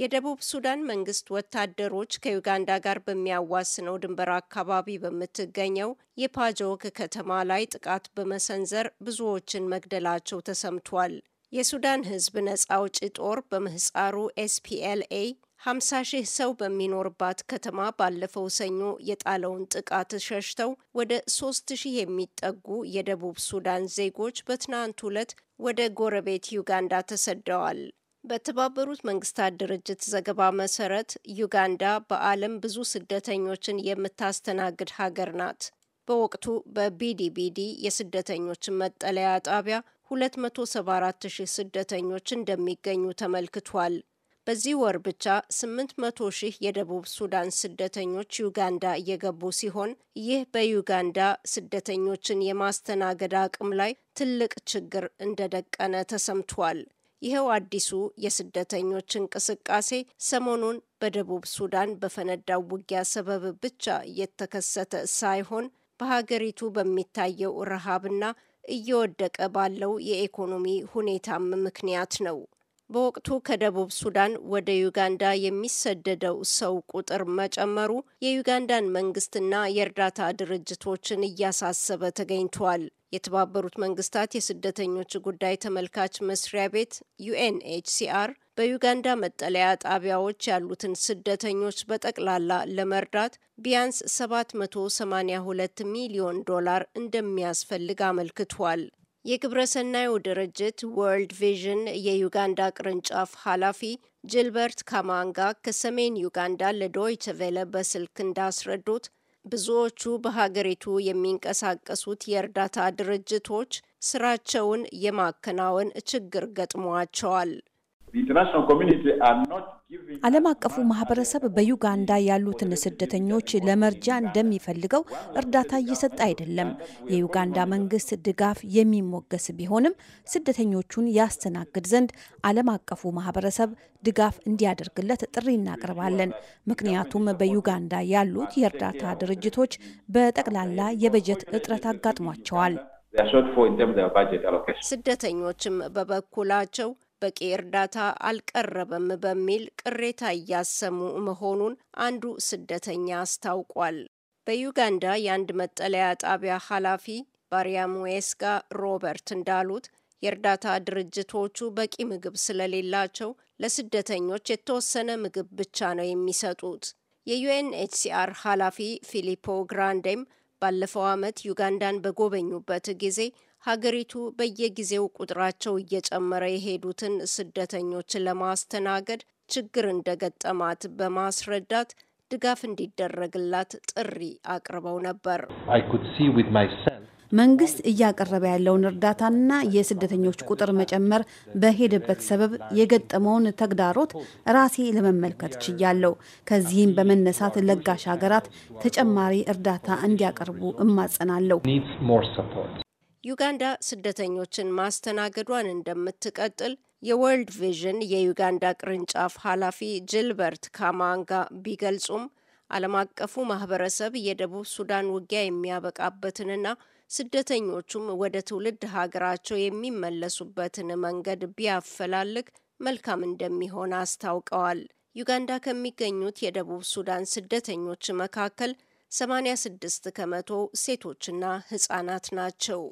የደቡብ ሱዳን መንግስት ወታደሮች ከዩጋንዳ ጋር በሚያዋስነው ድንበር አካባቢ በምትገኘው የፓጆክ ከተማ ላይ ጥቃት በመሰንዘር ብዙዎችን መግደላቸው ተሰምቷል። የሱዳን ህዝብ ነጻ አውጪ ጦር በምህፃሩ ኤስፒኤልኤ 50 ሺህ ሰው በሚኖርባት ከተማ ባለፈው ሰኞ የጣለውን ጥቃት ሸሽተው ወደ 3 ሺህ የሚጠጉ የደቡብ ሱዳን ዜጎች በትናንት ዕለት ወደ ጎረቤት ዩጋንዳ ተሰደዋል። በተባበሩት መንግስታት ድርጅት ዘገባ መሰረት ዩጋንዳ በዓለም ብዙ ስደተኞችን የምታስተናግድ ሀገር ናት። በወቅቱ በቢዲቢዲ የስደተኞችን መጠለያ ጣቢያ 274,000 ስደተኞች እንደሚገኙ ተመልክቷል። በዚህ ወር ብቻ 800 ሺህ የደቡብ ሱዳን ስደተኞች ዩጋንዳ እየገቡ ሲሆን ይህ በዩጋንዳ ስደተኞችን የማስተናገድ አቅም ላይ ትልቅ ችግር እንደደቀነ ተሰምቷል። ይኸው አዲሱ የስደተኞች እንቅስቃሴ ሰሞኑን በደቡብ ሱዳን በፈነዳው ውጊያ ሰበብ ብቻ እየተከሰተ ሳይሆን በሀገሪቱ በሚታየው ረሃብና እየወደቀ ባለው የኢኮኖሚ ሁኔታም ምክንያት ነው። በወቅቱ ከደቡብ ሱዳን ወደ ዩጋንዳ የሚሰደደው ሰው ቁጥር መጨመሩ የዩጋንዳን መንግስትና የእርዳታ ድርጅቶችን እያሳሰበ ተገኝቷል። የተባበሩት መንግስታት የስደተኞች ጉዳይ ተመልካች መስሪያ ቤት ዩኤንኤችሲአር በዩጋንዳ መጠለያ ጣቢያዎች ያሉትን ስደተኞች በጠቅላላ ለመርዳት ቢያንስ 782 ሚሊዮን ዶላር እንደሚያስፈልግ አመልክቷል። የግብረ ሰናዩ ድርጅት ወርልድ ቪዥን የዩጋንዳ ቅርንጫፍ ኃላፊ ጂልበርት ካማንጋ ከሰሜን ዩጋንዳ ለዶይቸ ቬለ በስልክ እንዳስረዱት ብዙዎቹ በሀገሪቱ የሚንቀሳቀሱት የእርዳታ ድርጅቶች ስራቸውን የማከናወን ችግር ገጥሟቸዋል። ዓለም አቀፉ ማህበረሰብ በዩጋንዳ ያሉትን ስደተኞች ለመርጃ እንደሚፈልገው እርዳታ እየሰጠ አይደለም። የዩጋንዳ መንግስት ድጋፍ የሚሞገስ ቢሆንም ስደተኞቹን ያስተናግድ ዘንድ ዓለም አቀፉ ማህበረሰብ ድጋፍ እንዲያደርግለት ጥሪ እናቀርባለን። ምክንያቱም በዩጋንዳ ያሉት የእርዳታ ድርጅቶች በጠቅላላ የበጀት እጥረት አጋጥሟቸዋል። ስደተኞችም በበኩላቸው በቂ እርዳታ አልቀረበም በሚል ቅሬታ እያሰሙ መሆኑን አንዱ ስደተኛ አስታውቋል። በዩጋንዳ የአንድ መጠለያ ጣቢያ ኃላፊ ዌስጋ ሮበርት እንዳሉት የእርዳታ ድርጅቶቹ በቂ ምግብ ስለሌላቸው ለስደተኞች የተወሰነ ምግብ ብቻ ነው የሚሰጡት። የዩኤንኤችሲአር ኃላፊ ፊሊፖ ግራንዴም ባለፈው ዓመት ዩጋንዳን በጎበኙበት ጊዜ ሀገሪቱ በየጊዜው ቁጥራቸው እየጨመረ የሄዱትን ስደተኞች ለማስተናገድ ችግር እንደገጠማት በማስረዳት ድጋፍ እንዲደረግላት ጥሪ አቅርበው ነበር። መንግስት እያቀረበ ያለውን እርዳታና የስደተኞች ቁጥር መጨመር በሄደበት ሰበብ የገጠመውን ተግዳሮት ራሴ ለመመልከት ችያለሁ። ከዚህም በመነሳት ለጋሽ ሀገራት ተጨማሪ እርዳታ እንዲያቀርቡ እማጸናለሁ። ዩጋንዳ ስደተኞችን ማስተናገዷን እንደምትቀጥል የወርልድ ቪዥን የዩጋንዳ ቅርንጫፍ ኃላፊ ጅልበርት ካማንጋ ቢገልጹም ዓለም አቀፉ ማህበረሰብ የደቡብ ሱዳን ውጊያ የሚያበቃበትንና ስደተኞቹም ወደ ትውልድ ሀገራቸው የሚመለሱበትን መንገድ ቢያፈላልግ መልካም እንደሚሆን አስታውቀዋል። ዩጋንዳ ከሚገኙት የደቡብ ሱዳን ስደተኞች መካከል 86 ከመቶ ሴቶችና ህጻናት ናቸው።